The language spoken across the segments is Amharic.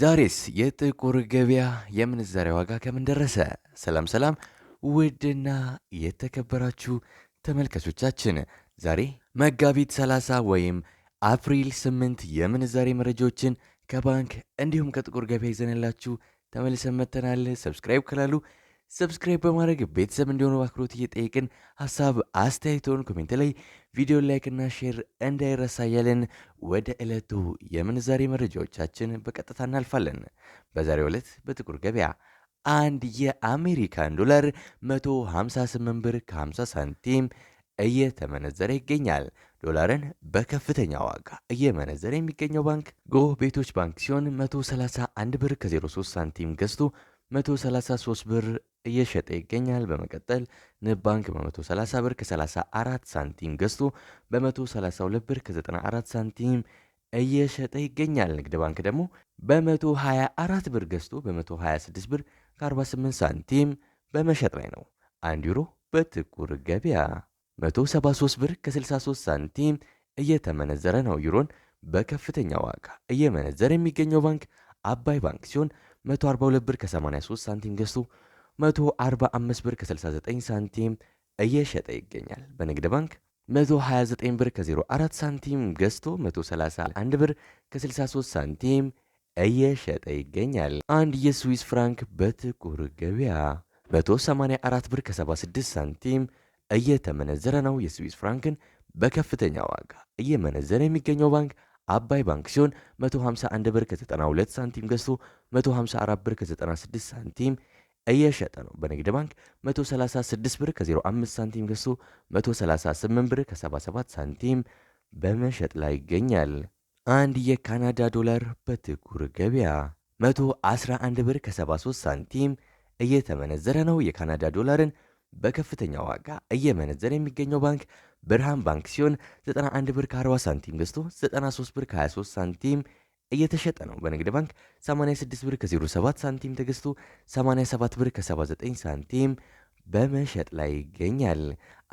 ዛሬስ የጥቁር ገበያ የምንዛሬ ዋጋ ከምን ደረሰ? ሰላም ሰላም ውድና የተከበራችሁ ተመልካቾቻችን ዛሬ መጋቢት 30 ወይም አፕሪል 8 የምንዛሬ መረጃዎችን ከባንክ እንዲሁም ከጥቁር ገበያ ይዘንላችሁ ተመልሰን መጥተናል። ሰብስክራይብ ካላሉ ሰብስክራይብ በማድረግ ቤተሰብ እንዲሆኑ በአክብሮት እየጠየቅን ሀሳብ አስተያየቶን ኮሜንት ላይ ቪዲዮ ላይክና ሼር እንዳይረሳ እያልን ወደ ዕለቱ የምንዛሬ መረጃዎቻችን በቀጥታ እናልፋለን። በዛሬው ዕለት በጥቁር ገበያ አንድ የአሜሪካን ዶላር 158 ብር ከ50 ሳንቲም እየተመነዘረ ይገኛል። ዶላርን በከፍተኛ ዋጋ እየመነዘረ የሚገኘው ባንክ ጎህ ቤቶች ባንክ ሲሆን 131 ብር ከ03 ሳንቲም ገዝቶ 133 ብር እየሸጠ ይገኛል። በመቀጠል ንብ ባንክ በ130 ብር ከ34 ሳንቲም ገዝቶ በ132 ብር ከ94 ሳንቲም እየሸጠ ይገኛል። ንግድ ባንክ ደግሞ በ124 ብር ገዝቶ በ126 ብር ከ48 ሳንቲም በመሸጥ ላይ ነው። አንድ ዩሮ በጥቁር ገበያ 173 ብር ከ63 ሳንቲም እየተመነዘረ ነው። ዩሮን በከፍተኛ ዋጋ እየመነዘረ የሚገኘው ባንክ አባይ ባንክ ሲሆን 142 ብር ከ83 ሳንቲም ገዝቶ 145 ብር ከ69 ሳንቲም እየሸጠ ይገኛል። በንግድ ባንክ 129 ብር ከ04 ሳንቲም ገዝቶ 131 ብር ከ63 ሳንቲም እየሸጠ ይገኛል። አንድ የስዊስ ፍራንክ በጥቁር ገበያ 184 ብር ከ76 ሳንቲም እየተመነዘረ ነው። የስዊስ ፍራንክን በከፍተኛ ዋጋ እየመነዘረ የሚገኘው ባንክ አባይ ባንክ ሲሆን 151 ብር ከ92 ሳንቲም ገዝቶ 154 ብር ከ96 ሳንቲም እየሸጠ ነው። በንግድ ባንክ 136 ብር ከ05 ሳንቲም ገዝቶ 138 ብር ከ77 ሳንቲም በመሸጥ ላይ ይገኛል። አንድ የካናዳ ዶላር በጥቁር ገበያ 111 ብር ከ73 ሳንቲም እየተመነዘረ ነው። የካናዳ ዶላርን በከፍተኛ ዋጋ እየመነዘረ የሚገኘው ባንክ ብርሃን ባንክ ሲሆን 91 ብር ከ40 ሳንቲም ገዝቶ 93 ብር ከ23 ሳንቲም እየተሸጠ ነው። በንግድ ባንክ 86 ብር ከ07 ሳንቲም ተገዝቶ 87 ብር ከ79 ሳንቲም በመሸጥ ላይ ይገኛል።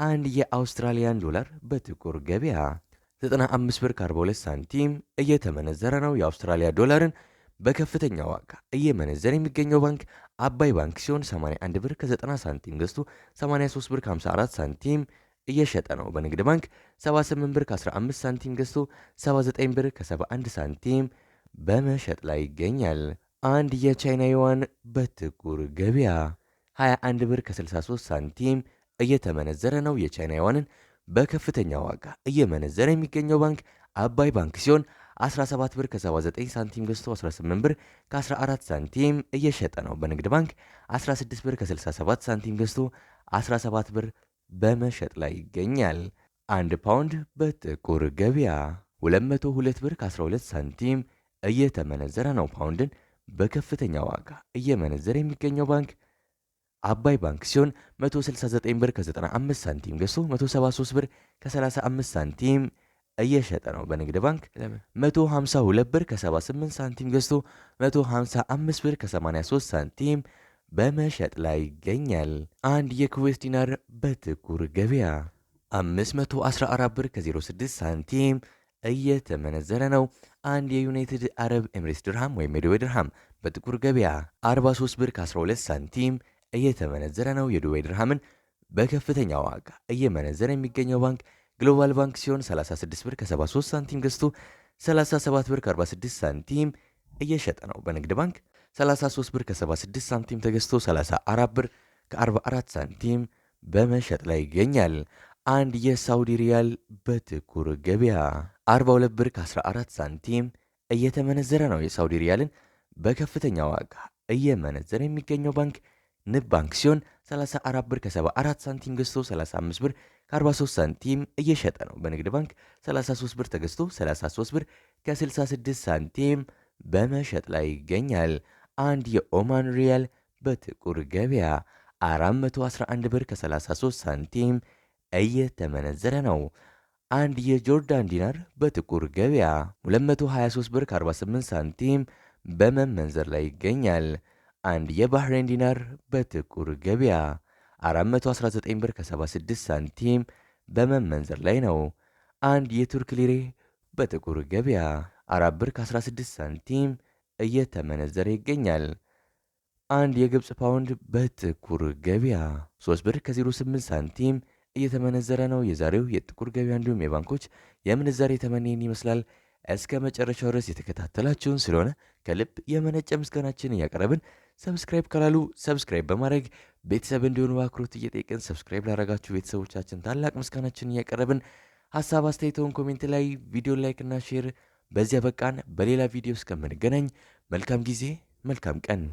አንድ የአውስትራሊያን ዶላር በጥቁር ገበያ 95 ብር ከ42 ሳንቲም እየተመነዘረ ነው። የአውስትራሊያ ዶላርን በከፍተኛ ዋጋ እየመነዘረ የሚገኘው ባንክ አባይ ባንክ ሲሆን 81 ብር ከ90 ሳንቲም ገዝቶ 83 ብር ከ54 ሳንቲም እየሸጠ ነው። በንግድ ባንክ 78 ብር ከ15 ሳንቲም ገዝቶ 79 ብር ከ71 ሳንቲም በመሸጥ ላይ ይገኛል። አንድ የቻይና ዩዋን በጥቁር ገበያ 21 ብር ከ63 ሳንቲም እየተመነዘረ ነው። የቻይና ዩዋንን በከፍተኛ ዋጋ እየመነዘረ የሚገኘው ባንክ አባይ ባንክ ሲሆን 17 ብር ከ79 ሳንቲም ገዝቶ 18 ብር ከ14 ሳንቲም እየሸጠ ነው። በንግድ ባንክ 16 ብር ከ67 ሳንቲም ገዝቶ 17 ብር በመሸጥ ላይ ይገኛል። አንድ ፓውንድ በጥቁር ገበያ 202 ብር ከ12 ሳንቲም እየተመነዘረ ነው። ፓውንድን በከፍተኛ ዋጋ እየመነዘረ የሚገኘው ባንክ አባይ ባንክ ሲሆን 169 ብር ከ95 ሳንቲም ገዝቶ 173 ብር ከ35 ሳንቲም እየሸጠ ነው። በንግድ ባንክ 152 ብር ከ78 ሳንቲም ገዝቶ 155 ብር ከ83 ሳንቲም በመሸጥ ላይ ይገኛል። አንድ የኩዌት ዲናር በጥቁር ገበያ 514 ብር ከ06 ሳንቲም እየተመነዘረ ነው። አንድ የዩናይትድ አረብ ኤምሬትስ ድርሃም ወይም የዱባይ ድርሃም በጥቁር ገበያ 43 ብር ከ12 ሳንቲም እየተመነዘረ ነው። የዱባይ ድርሃምን በከፍተኛ ዋጋ እየመነዘረ የሚገኘው ባንክ ግሎባል ባንክ ሲሆን 36 ብር ከ73 ሳንቲም ገዝቶ 37 ብር ከ46 ሳንቲም እየሸጠ ነው። በንግድ ባንክ 33 ብር ከ76 ሳንቲም ተገዝቶ 34 ብር ከ44 ሳንቲም በመሸጥ ላይ ይገኛል። አንድ የሳውዲ ሪያል በጥቁር ገበያ 42 ብር ከ14 ሳንቲም እየተመነዘረ ነው። የሳውዲ ሪያልን በከፍተኛ ዋጋ እየመነዘረ የሚገኘው ባንክ ንብ ባንክ ሲሆን 34 ብር ከ74 ሳንቲም ገዝቶ 35 ብር ከ43 ሳንቲም እየሸጠ ነው። በንግድ ባንክ 33 ብር ተገዝቶ 33 ብር ከ66 ሳንቲም በመሸጥ ላይ ይገኛል። አንድ የኦማን ሪያል በጥቁር ገበያ 411 ብር ከ33 ሳንቲም እየተመነዘረ ነው። አንድ የጆርዳን ዲናር በጥቁር ገበያ 223 ብር ከ48 ሳንቲም በመመንዘር ላይ ይገኛል። አንድ የባህሬን ዲናር በጥቁር ገበያ 419 ብር ከ76 ሳንቲም በመመንዘር ላይ ነው። አንድ የቱርክ ሊሬ በጥቁር ገበያ 4 ብር ከ16 ሳንቲም እየተመነዘረ ይገኛል። አንድ የግብፅ ፓውንድ በጥቁር ገበያ 3 ብር ከ08 ሳንቲም እየተመነዘረ ነው። የዛሬው የጥቁር ገበያ እንዲሁም የባንኮች የምንዛሬ ተመኔን ይመስላል። እስከ መጨረሻው ድረስ የተከታተላችሁን ስለሆነ ከልብ የመነጨ ምስጋናችን እያቀረብን ሰብስክራይብ ካላሉ ሰብስክራይብ በማድረግ ቤተሰብ እንዲሆኑ በአክብሮት እየጠየቅን ሰብስክራይብ ላደረጋችሁ ቤተሰቦቻችን ታላቅ ምስጋናችን እያቀረብን ሀሳብ አስተያየተውን ኮሜንት ላይ ቪዲዮ ላይክና ሼር በዚያ በቃን። በሌላ ቪዲዮ እስከምንገናኝ መልካም ጊዜ፣ መልካም ቀን